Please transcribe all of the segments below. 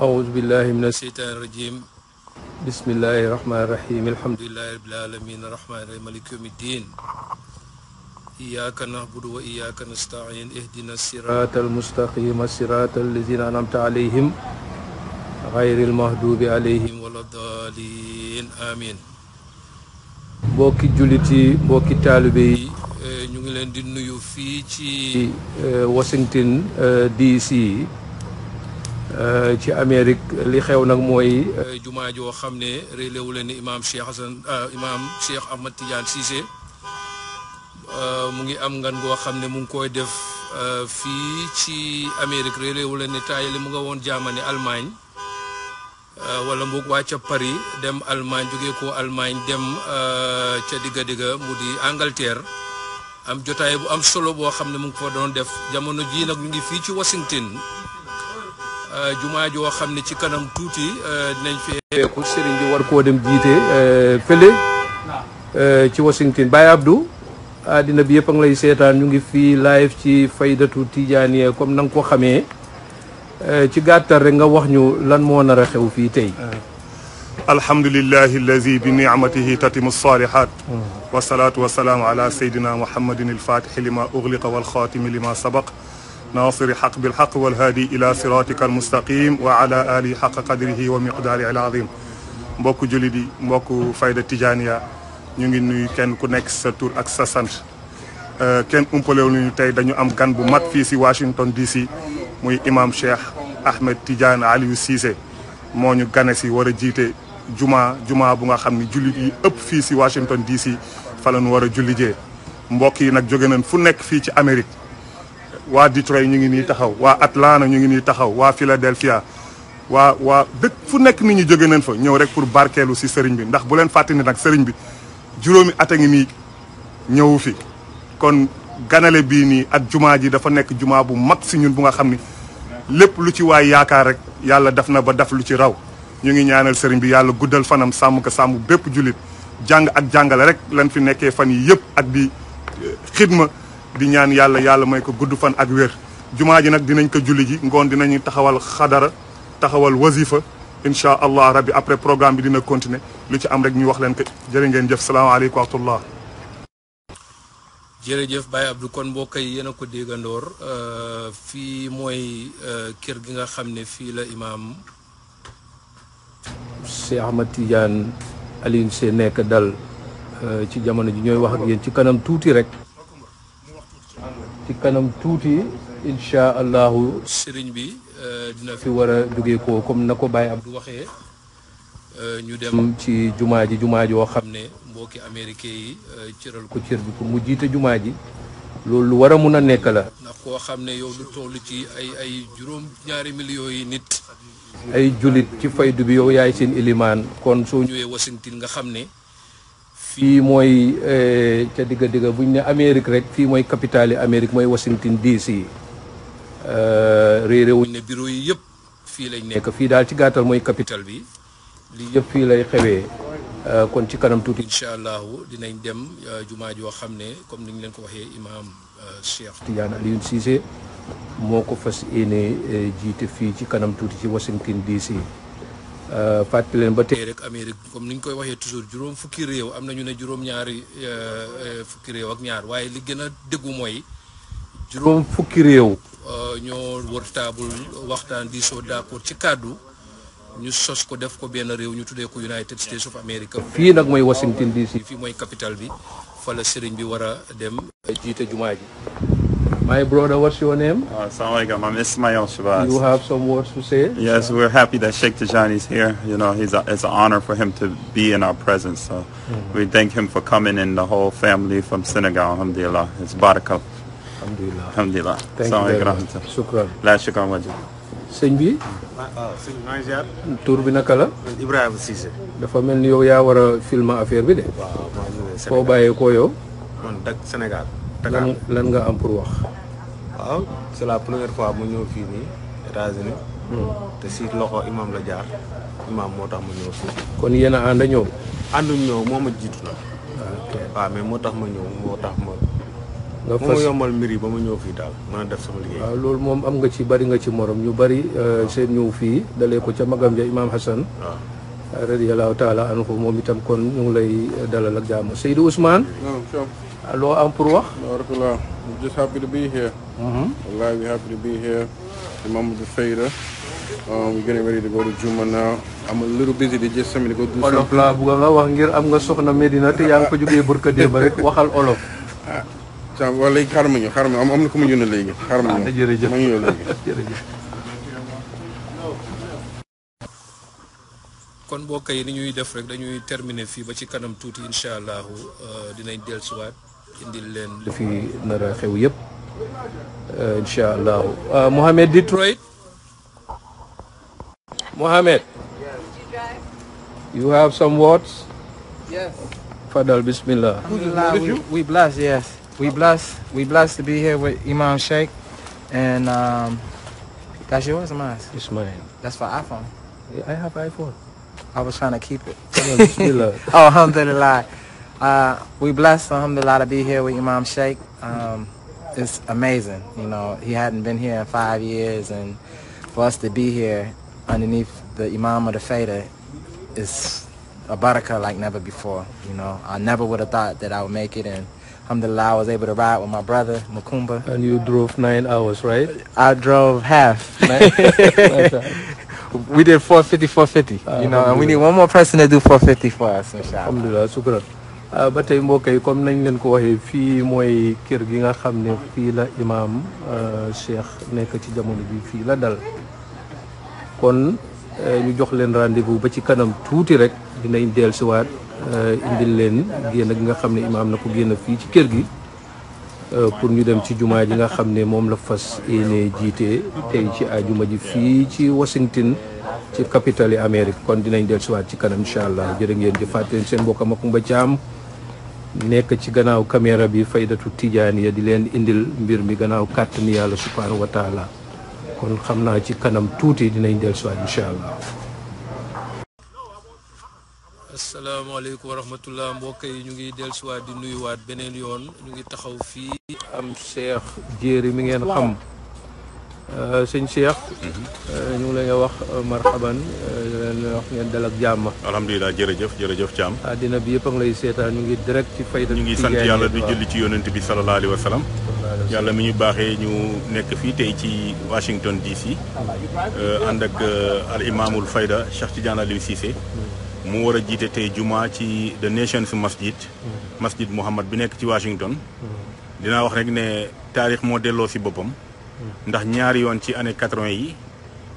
أعوذ بالله من الشيطان الرجيم بسم الله الرحمن الرحيم الحمد لله رب العالمين الرحمن الرحيم مالك يوم الدين إياك نعبد وإياك نستعين اهدنا الصراط المستقيم صراط الذين أنعمت عليهم غير المغضوب عليهم ولا الضالين آمين mbokki جوليتي yi طالبي نيغي لين دي نويو في تي واشنطن دي سي Washington eh, DC Euh, ci amérique li xew nag mooy euh, jumaa joo xam ne imam cheikh hasan euh, imam cheikh ahmad tidiane cissé mu ngi am ngan goo xam ne mu ngi koy def fii ci amérique réeléwu leen taayali mu nga woon jaamane allemagne wala mbok waa paris dem allemagne jógee ko allemagne dem ca digga diga mu di angleterre am jota bu am solo boo xam ne mu ngi fa doon def jamono jii nag ngi ci washington Euh, jumaa joo xam ne ci kanam tuuti euh, dinañ fi feeku sëriñ bi war koo dem jiite euh, fële ci Washington Baye Abdou àddina bi yëpp a lay seetaan ñu ngi fii live ci faydatu tijaaniya comme na nga ko xamee ci gàttal rek nga wax ñu lan moo nar a xew fii tey alhamdulillahi allazi bi ni'matihi tatimu salihat hmm. wasalatu wasalaamu ala sayyidina muhammadin alfatixi lima ughliqa walxaatimi lima sabaq ناصر حق بالحق والهادي الى صراطك المستقيم وعلى ال حق قدره ومقدار العظيم مبوك جوليدي مبوك فايدة تيجانيا نيغي نوي كين كو نيك سا تور اك سا سانت آه، كين امبولو نيو تاي دانيو ام كان بو مات في سي واشنطن دي سي موي امام شيخ احمد تيجان علي سيسي مو نيو غانسي ورا جيتي جمعه جمعه بوغا خامني جوليت يي اوب في سي واشنطن دي سي فالا نو ورا جوليجي مبوك يي جوغي نان فو نيك في سي امريك waa Detroit ñu ngi nii taxaw waa Atlanta ñu ngi nii taxaw Philadelphia wa wa dëkk fu nekk nit ñi jóge nañ fa ñëw rek pour barkeelu si sëriñ bi ndax bu leen ni sëriñ bi ngi fi kon ganale bii nii ak jumaa ji dafa nekk jumaa bu mag si ñun bu nga xam ni lu ci waay rek na ba daf lu ci raw ñu ngi ñaanal sëriñ bi yàlla guddal fanam Samu. ko sàmm bépp jullit jàng ak jàngale rek lan fi nekkee fan yi ak eh, xidma di ñaan yàlla yàlla may ko gudd fan ak wér jumaa ji nag dinañ ko julli ji ngoon dinañu taxawal xadara taxawal wasifa incha allah rabbi après programme bi dina continuer lu ci am rek ñu wax leen ko jërë ngeen jëf salaamaaleykum wa jërëjëf Baye kon mbokk yi yéen a ko déggandoor euh, fii mooy euh, kër gi nga xam ne fii la imaam Cheikh Ahmad Tidiane Alioune Seye nekk dal euh, ci jamono ji ñooy wax ak yéen ci kanam tuuti rek ci kanam tuuti incha allahu sëriñ bi euh, dina fi war a jóge ko comme na ko Baye Abdou waxee euh, ñu dem ci jumaa ji jumaa joo xam ne mbokki américain yi euh, cëral ko cër bi pour mu jiite jumaa ji loolu lu war a mun a nekk la ndax koo xam ne yow lu toll ci ay ay juróom ñaari millions yi nit ay julit ci faydu bi yow yaay seen ilimaan kon soo ñëwee Washington nga xam ne fii mooy eh, ca digga digga bu ne Amérique rek fii mooy capitale Amérique mooy Washington DC eh, réeré wuñ ne bureau yi yëpp fii lañ nekk fii daal ci gàttal mooy capitale bi lii yëpp fi lay xewee eh, kon ci kanam tuuti incha allahu dinañ dem jumaa joo xam ne comme ni leen ko waxee imaam Cheikh Tidiane Alioune Cissé moo ko fas yéene jiite fii ci kanam tuuti ci Washington DC. Euh, fàttali leen ba tey rek Amérique comme ni ñu koy waxee toujours juróom fukki réew am na ñu ne juróom-ñaari euh, euh, fukki réew ak ñaar waaye li gën a déggu mooy juróom fukki réew ñoo wër taabul waxtaan di soo d'accord ci kàddu ñu sos ko def ko benn réew ñu tuddee ko United States of America fii nag mooy Washington DC fii mooy capital bi fa sëriñ bi war a dem jiite jumaa ji My brother, what's your name? Uh, Assalamu alaikum. I'm Ismail Shabazz. You have some words to say? Yes, we're happy that Sheikh Tajani is here. You know, he's a, it's an honor for him to be in our presence. So mm -hmm. we thank him for coming and the whole family from Senegal. Alhamdulillah. It's barakah. Alhamdulillah. Alhamdulillah. Thank Assalamu you. Alaikum. Shukran. La shukran wajib. sëñ bi. waaw ah, ah, sëñ maa ngi ziar. tur naka la. Ibrahima Cissé. dafa yow a filmer affaire bi de. waaw maa ngi foo bàyyee koo yow. man Sénégal. Dakar lan nga am pour wax. waaw c'est la première fois mu ñëw fii nii États-Unis hmm. te si loxo imam la jaar imam moo tax ma ñëw fii. kon yéen a ñëw. ànduñ ñëw moo ma jiitu na. Ah, waaw mais moo tax ma ñëw moo tax ma. nga fas ma yombal mbir yi ba ma ñëw fii daal man a def sama liggéey. waaw ah, loolu moom am nga ci bari nga ci morom ñu bari euh, seen ñëw fii dalee ko ca magam ja imam Hassan. radiyallahu taala anhu moom itam kon ñu ngi lay dalal ak jàmm Seydou Ousmane. loo am pour wax. barakallah just happy to be here. Mm-hmm. Wallahi, we happy to be here. Imam the uh, Fader. Um, we're getting ready to go to Juma now. I'm a little busy. They just sent go do Olof something. Olof la buga nga wax ngir am nga soxna Medina te yang ko joge burka de ba rek waxal Olof. Tam wala xarma ñu xarma am am na ko mu ñu na legi xarma ñu. Jërëjëf. Ma ñu kon mbokk ni ñuy def rek dañuy terminer ba ci kanam euh, dinañ indil li fi euh, euh, Mohamed Detroit Mohamed you have some words yes Fadal bismillah we bless. yes we bless. we bless to be here with Imam Sheikh and um, that's yours or mine? It's mine. That's for iPhone. I have iPhone. I was trying to keep it. oh, alhamdulillah. Uh, we blessed, alhamdulillah, to be here with Imam Sheikh. Um, it's amazing. You know, he hadn't been here in five years, and for us to be here underneath the Imam of the Fader is a barakah like never before. You know, I never would have thought that I would make it, and alhamdulillah, I was able to ride with my brother, Makumba. And you drove nine hours, right? I drove half. we did 450, 450. you know, and we need one more person to do 450 for us, inshallah. Ah, ba tey mbokk yi comme nañ leen ko waxee fii mooy kër gi nga xam ne fii la imaam ah, Cheikh nekk ci jamono bi fii la dal kon eh, ñu jox leen rendez ba ci kanam tuuti rek dinañ dellusiwaat eh, indil leen génn gi nga xam ne imaam na ko génn fii ci kër gi. Euh, pour ñu dem ci jumaa ji nga xam ne moom la fas yéene jiite tey ci ajuma ji fii ci Washington ci capitale Amérique kon dinañ dellusiwaat ci kanam incha allah jërë ngeen di fàttali seen mbokk Macoumba Thiam nekk ci gannaaw caméra bi faydatu tijaaniya di leen indil mbir mi gannaaw kàttani yàlla subhanahu wa kon xam naa ci kanam tuuti dinañ dellusiwaat incha allah Assalamualaikum wa wabarakatuh. mbokk yi ñu ngi dellusiwaat di nuyuwaat beneen yoon ñu ngi taxaw fii am Cheikh Jéeri mi ngeen xam euh, sëñ Cheikh euh, ñu la nga wax euh, marhaban leen wax ngeen dal ak jàmm alhamdulilah jërëjëf jërëjëf Thiam àddina bi yëpp a ngi lay seetaan ñu ngi direct ci fayda ñu ngi sant yàlla di julli ci yonent bi sallallahu alayhi wa sallam yàlla mi ñu baaxee ñu nekk fii tey ci Washington DC ànd ak al Imamul fayda Cheikh Tidiane Aliou Cissé hmm. mu war a jiite tey juma ci the nations masjid masjid Muhammad bi nekk ci Washington dinaa wax rek ne taarix moo delloo si boppam ndax ñaari yoon ci année quatre-vingt yi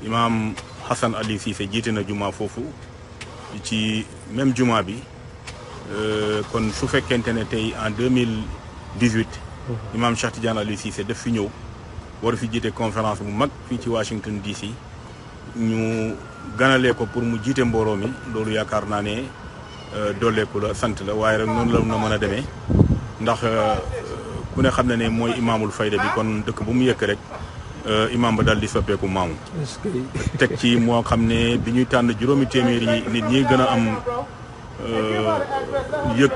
imaam Hassan Ali Cissé jiite na jumaa foofu ci même juma bi euh, kon su fekkente ne tey en 2018 mhm. imaam Cheikh Tidiane Ali Cissé def fi ñëw war fi jiite conférence bu mag fii ci Washington DC ñu ganale ko pour mu jiite mbooloo mi loolu yaakaar naa ne euh, dooleeku la sant la waaye rek noonu la na mën a demee ndax euh, ku ne xam ne ne mooy imaamul fayda bi kon dëkk bu mu yëkk rek euh, imaam ba daal di soppeeku maamu teg ci moo xam ne bi ñuy tànn juróomi téeméer yi nit ñi gën a am yëg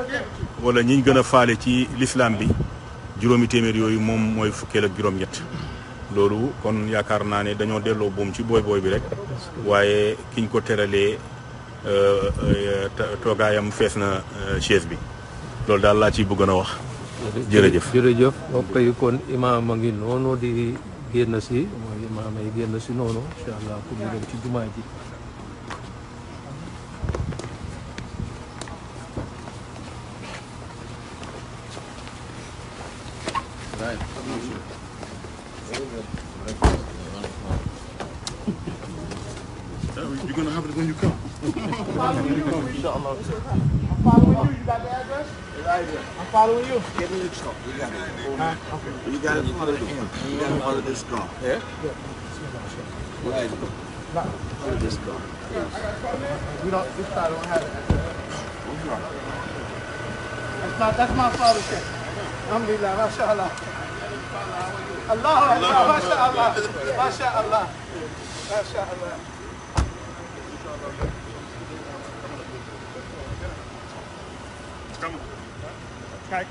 walla ñi gën a faale ci lislaam bi juróomi téeméer yooyu moom mooy fukkeel ak juróom-ñett loolu kon yaakaar naa ne dañoo delloo buum ci booy booy bi rek waaye kiñ ko teralee euh, euh, toogaayam fees na euh, chaise bi loolu daal laa ciy bëggoon a wax jërëjëf jërëjëf mbokk yi kon imaam a ngi noonu di génn si mooy imaam génn si noonu incha allah pour ñu dem ci jumaa ji inşallah. I'm following you. You got the address? Right here. I'm following you. Give me the truck. You got it. Okay. You got it under the You got it under this car. Yeah? Yeah. Right here. Under this car. I got car, We don't, this car don't have it. Who's right? That's not, that's my father's shit. Alhamdulillah, mashallah. Allah, Allah, mashallah, mashallah, mashallah. kam kaay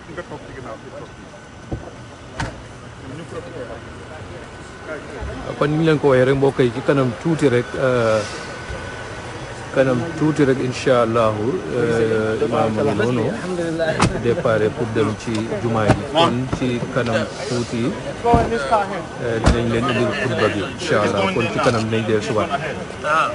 kon ñu leen ko waxee rek mbokk yi ci kanam tuuti rek euh, kanam tuuti rek incha allahu euh, imaam noonu départ pour dem ci jumaa ji kon ci kanam tuuti euh, dinañ leen indil xutba bi incha allah ci kanam dinañ dee suba